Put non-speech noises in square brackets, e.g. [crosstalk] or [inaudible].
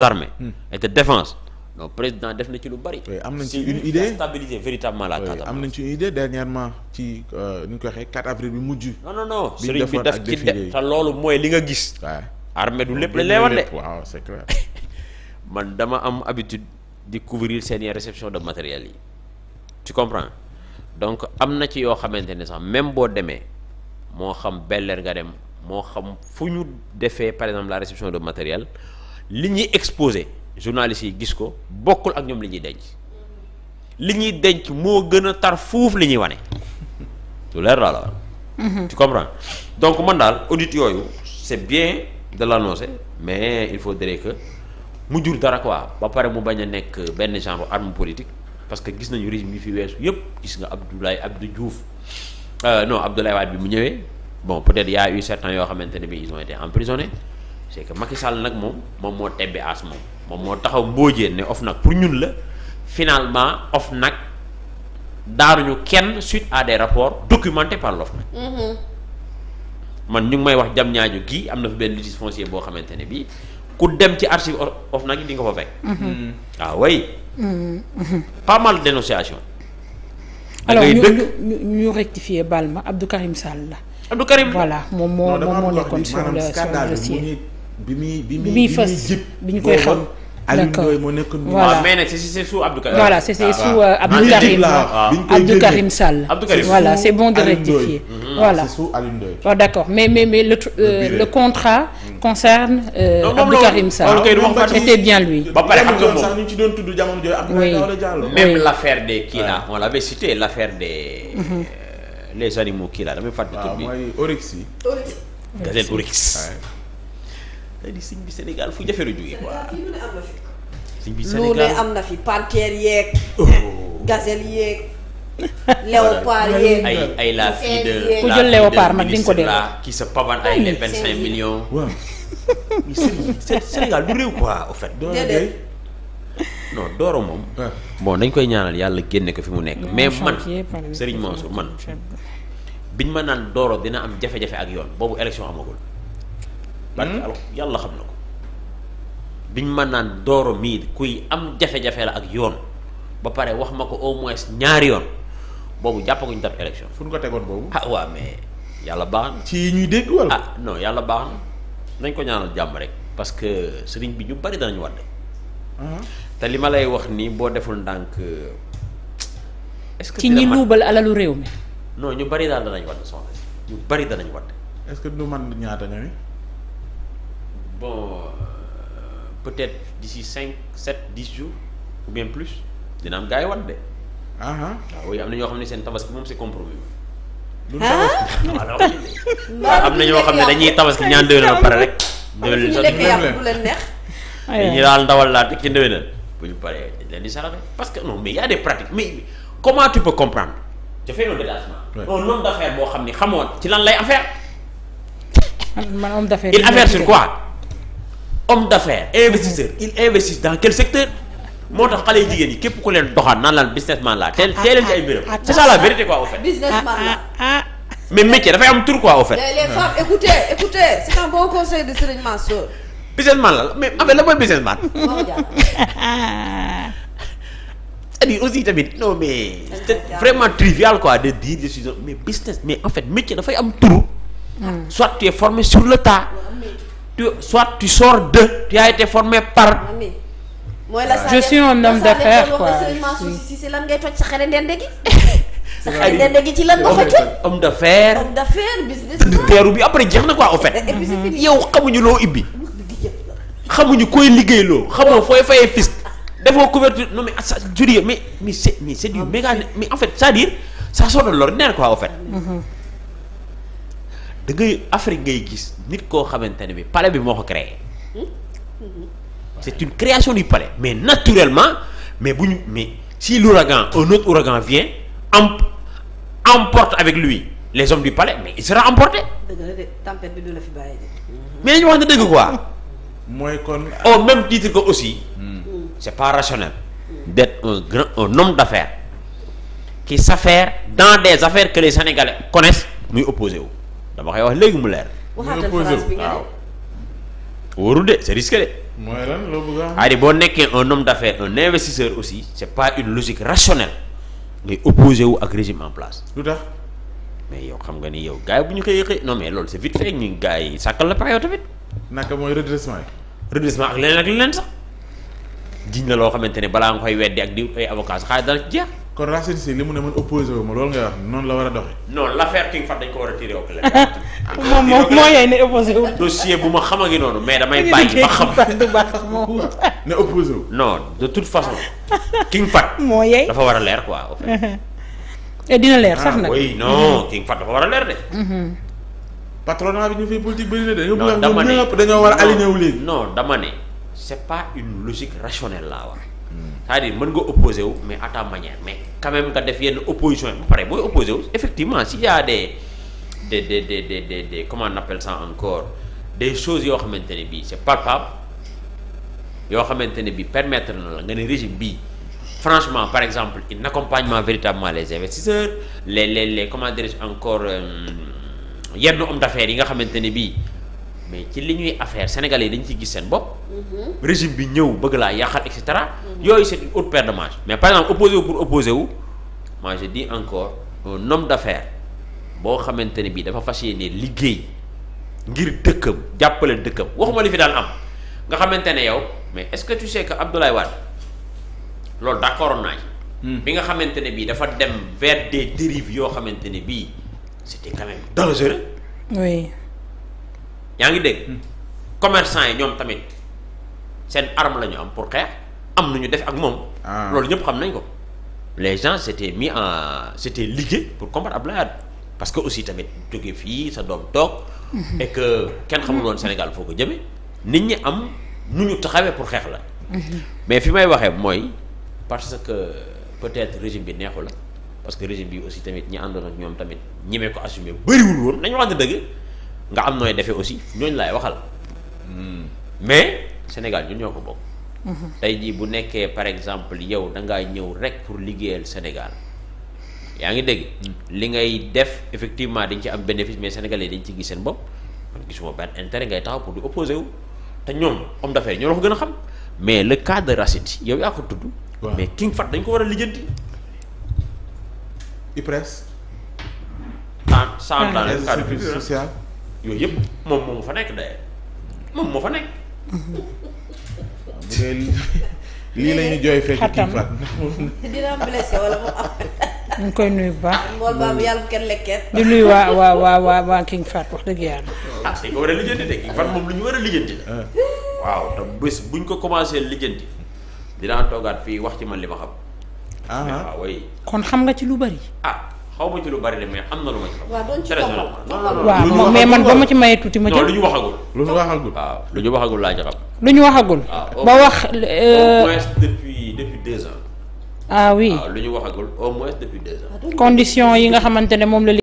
l'armée hmm. et de défense président def na ci lu bari. am nañ ci une idée stabiliser véritablement la Casamance. am nañ ci une idée dernièrement ci euh, nu ñu ko waxee 4 avril bi mujj. non non non sëriñ def ci de te loolu mooy li nga gis. waaw du lépp lañ lay wax de. waaw c'est [laughs] man dama am habitude di couvrir seeni réception de matériel yi. tu comprends donc am na ci yoo xamante ne sax même boo demee moo xam belleer nga dem moo xam fu ñu defee par exemple la réception de matériel. li ñuy exposé journalistes yi gis ko bokkul ak ñoom li ñuy denc li ñuy denc moo gën a tar fuuf li ñuy wane lu leer laa la wax. Mhm. tu comprends donc man daal audit yooyu c'est bien de l'annoncer mais il faut faudrait que mu jur dara quoi ba pare mu bañ a nekk benn genre arme politique parce que gis nañu régime yi fi weesu yëpp gis nga Abdoulaye Abdou Diouf euh, non Abdoulaye Wade bi mu ñëwee bon peut-être y a eu certains yoo xamante ne bi ils ont été emprisonnés. c'est que Macky Sall nag moom moom moo tebbi as moom moom moo taxaw mboojeen ne OFNAC pour ñun la finalement OFNAC daanuñu kenn suite à des rapport documentés par l'OFNAC mm-hmm. man ñu ngi may wax jam ñaaju gii am na fa benn litige foncier boo xamante ne bii ku dem ci archive OFNAC yi dinga nga fa fekk waaw mm-hmm. mm-hmm. ah, way pas mal de dénonciation alors ñu ñu rectifier Balma Abdou Karim Sall la Abdou Karim moom moo nekkoon sur le bi muy bi muy bi muy jib bi ñu voilà ah, c'est sous Abdou Karim. voilà voilà c'est bon de rectifier. Mhm. Ah, voilà ah, d'accord mais mais mais le euh, le contrat. Mhm. concerne euh, Abdou Karim Sall. bien lui. ba pare xam nga doon tudd jamono jooju Abdou Karim Sall Diallo. même l'affaire des kii là on l'avait cité l'affaire des. Mhm. Euh, animaux kii là damay fàttali tur bi. waaw tey bi Sénégal fu jafe la jógee lu ne am na fi panthère yeeg. Oh. Eh, gazelle yeeg. [laughs] léopard yeeg ay ay la de ku jël léopard nag di nga ko delloo la qui se ay les vingt cinq [laughs] Sénégal du réew quoi au fait. déedéet dooro Doro moom. bon dañ koy ñaanal yàlla génne ko fi mu nekk. mais man Serigne Mansour man biñ ma naan dooro dina am jafe-jafe ak yoon boobu élection amagul. barke hmm? al yàlla xam na ko biñ ma naan dooro mii kuy am jafe-jafe la ak yoon ba pare wax ma ko au moins ñaari yoon boobu jàppaguñ dab élection fu ñu ko tegoon boobu ah waaw mais yàlla baax na ci ñuy dégg wala ah non yàlla baax na nañ ko ñaanal jàmm rek parce que sëriñ bi ñu bari danañ wàdde hmm? te li ma lay wax nii boo deful ndànk euh, est-ce que ci ñi luubal alalu réew mi noonu ñu bari daal danañ wadd soxna ñu bari danañ wadd est-ce que du man ñaata ñooy bon euh, peut-être di si cinq sept dix jours ou bien plus dina am gars yi wat de. waaw ah, ah. ah oui am na ñoo xam ne seen tabaski moom c'est compromis. [laughs] am na ñoo xam ne dañuy tabaski ñaan déwénal ba pare rek. déwénal sax laa teg ci déwénal bu ñu paree leen di saraxe parce que non mais y a des pratiques mais comment tu peux comprendre. te fay loolu détachement. non non d'affaire boo xam ne xamoon ci lan lay affaire. man man d'affaire il affaire sur quoi. homme d'affaires investisseur ils investissent dans quel secteur moo tax xale yi jigéen yi képp ku leen doxaan naan laan businessman laa teel teel leen ay mbiram c'est ça la vérité quoi au fait businessman la mais am tur quoi au fait la mais en fait la mooy businessman c'est-à-dire [laughs] aussi tamit non mais c'est vraiment trivial quoi de dire je suis mais business mais en fait métier dafay am tur hmm. soit tu es formé sur le tas tu soit tu sors de tu as été formé par. la je suis un homme d'affaires sa xale ndende gi. [laughs] sa xale ndende gi ci lan nga ko toj. homme d'affaires homme d'affaires business. teeru bi après jeex na quoi au fait. Mm-hmm. yow xamuñu loo ibbi. xamuñu koy liggéeyloo xamoo fooy fayee fisc defoo couverture non mais ça sa mais mais c'est mais c'est du ah, méga mais en fait c'est-à-dire ça sort de l'ordinaire quoi au fait. Mm-hmm. da ngay Afrique ngay gis nit koo xamante ne bi palais bi moo ko créé. Hmm? c'est une création du palais mais naturellement mais bu ñu mais si l'ouragan un autre ouragan vient emporte avec lui les hommes du palais mais il sera emporté. de hmm. mais ñu wax na dëgg quoi. mooy kon. au même titre ko aussi. Hmm. c'est pas rationnel. d'être un grand un homme d'affaires qui s'affaire dans des affaires que les Sénégalais connaissent muy opposé wu. dama koy wax léegi mu leer. waxaatal phrase de wóorul de c'est de. mooy lan a. boo nekkee un nom d'affaires un eh, investisseur aussi c'est pas une logique rationnelle ngay opposé wu ak régime en place. lu tax. mais yow xam nga ni yow gars bu ñu xëyee xëy non mais loolu c'est vite fait ñu gars sàkkal la pexe yow tamit. naka mooy redressement yi. redressement ak leneen ak leneen sax. jiñ la loo xamante ne balaa nga koy weddi ak di ay eh, avocats xaalis dana jeex. kon Racine Sy li mu ne man opposé wu ma loolu ngay wax noonu la war a doxee. non l'affaire King Fahd dañ ko war a tiré au clair. [laughs] moom moom moo yooyu ne opposé wu. dossier bu ma xam a ngi noonu mais damay bàyyi ba xam. du baax moom. [laughs] ne opposé wu. non de toute façon King Fahd. [laughs] moo yey dafa war a leer quoi. Eh, dina leer sax ah, nag oui non mm-hmm. King Fahd dafa war a leer de. Mm-hmm. patronat bi ñu fi politique bëri na de. non dama ne dañoo war a aligné wu léegi. non dama ne c'est pas une logique rationnelle laa wax. cest dire mën nga opposé wu mais à ta mais quand même nga def yenn opposition yi ba pare booy opposé wu effectivement s'il y a des de des des des des des comment on appelle encore des choses yoo xamante ne bii c'est palpable yoo xamante ne bii permettre na la nga ne régime bii franchement par exemple il n'accompagne pas véritablement les investisseurs les le les comment dirais encore euh, yenn hommes yi nga xamante ne bii. mais ci li ñuy affaire sénégal yi dañ ciy gis seen bopp. Mhm. régime bi ñëw bëgg laa yàqal et cetera. Mhm. yooyu c'est une autre de manches mais par exemple opposé wu pour opposé wu moi je dis encore un homme boo xamante ne bii dafa fas yéene liggéey ngir dëkkam jàppale dëkkam waxuma li fi daan am nga xamante ne yow mais est-ce que tu sais que Abdoulaye Wade loolu d'accord naa hmm. bi nga xamante ne bii dafa dem vers des dérives yoo xamante ne bii c'était quand même dangereux. yaa ngi dégg commerçant yi ñoom tamit seen arme la ñu am pour xeex am nu ñu def ak moom ah. loolu ñëpp xam nañ ko les gens s'étaient mis en s'étaient ligués pour combattre la Wade parce que aussi tamit jóge fii sa doom toog mhm. et que kenn xamul woon Sénégal foo ko jëme nit ñi am nu ñu taxawee pour xeex la mhm. mais fi may waxee mooy parce que peut-être régime bi neexu la parce que régime bi aussi tamit ñi àndoon ak ñoom tamit ñeme mee ko assumer bëriwul woon nañu wax dëgg nga am nooy defee aussi ñooñu laay waxal mais Sénégal ñun ñoo ko bokk. tey jii bu nekkee par exemple yow da ngaa ñëw rek pour liggéeyal Sénégal yaa ngi dégg. li ngay def effectivement dañ ci am bénéfice mais sénégalais dañ ci gis seen bopp man gisuma benn intérêt ngay taxaw pour di opposé te ñoom homme d'affaires ñoo la ko gën a xam mais le cas de Racine yow yaa ko tudd. mais King Fahd dañ ko war a lijjanti. IPRES. sans sans dans le cadre social. yooyu yëpp moom moomu fa nekk day moom moo fa nekk. [laughs] lii la ñuy jooy fekk kii Fatou. [laughs] koy nuyu bu baax. [laughs] mbool baa bu yàlla ah, war a lijjanti moom lu ñu war a lijjanti la. Ah. waaw te bés buñ ko commencé lijjanti dinaa toogaat fii wax ci man li ma xam. Ah. kon xam nga ci lu bari. xaw ma ci lu bari de mais am na lu ma ci. waaw doon mais man ba ma ci mayee tuuti ma jël. lu ñu waxagul. lu ñu waxagul lu ñu waxagul laa ci xam. lu ñu waxagul. Ah, ba wax. au euh, moins depuis depuis deux ans. ah oui ah, lu ñu waxagul au moins depuis deux ans. condition yi nga xamante moom la.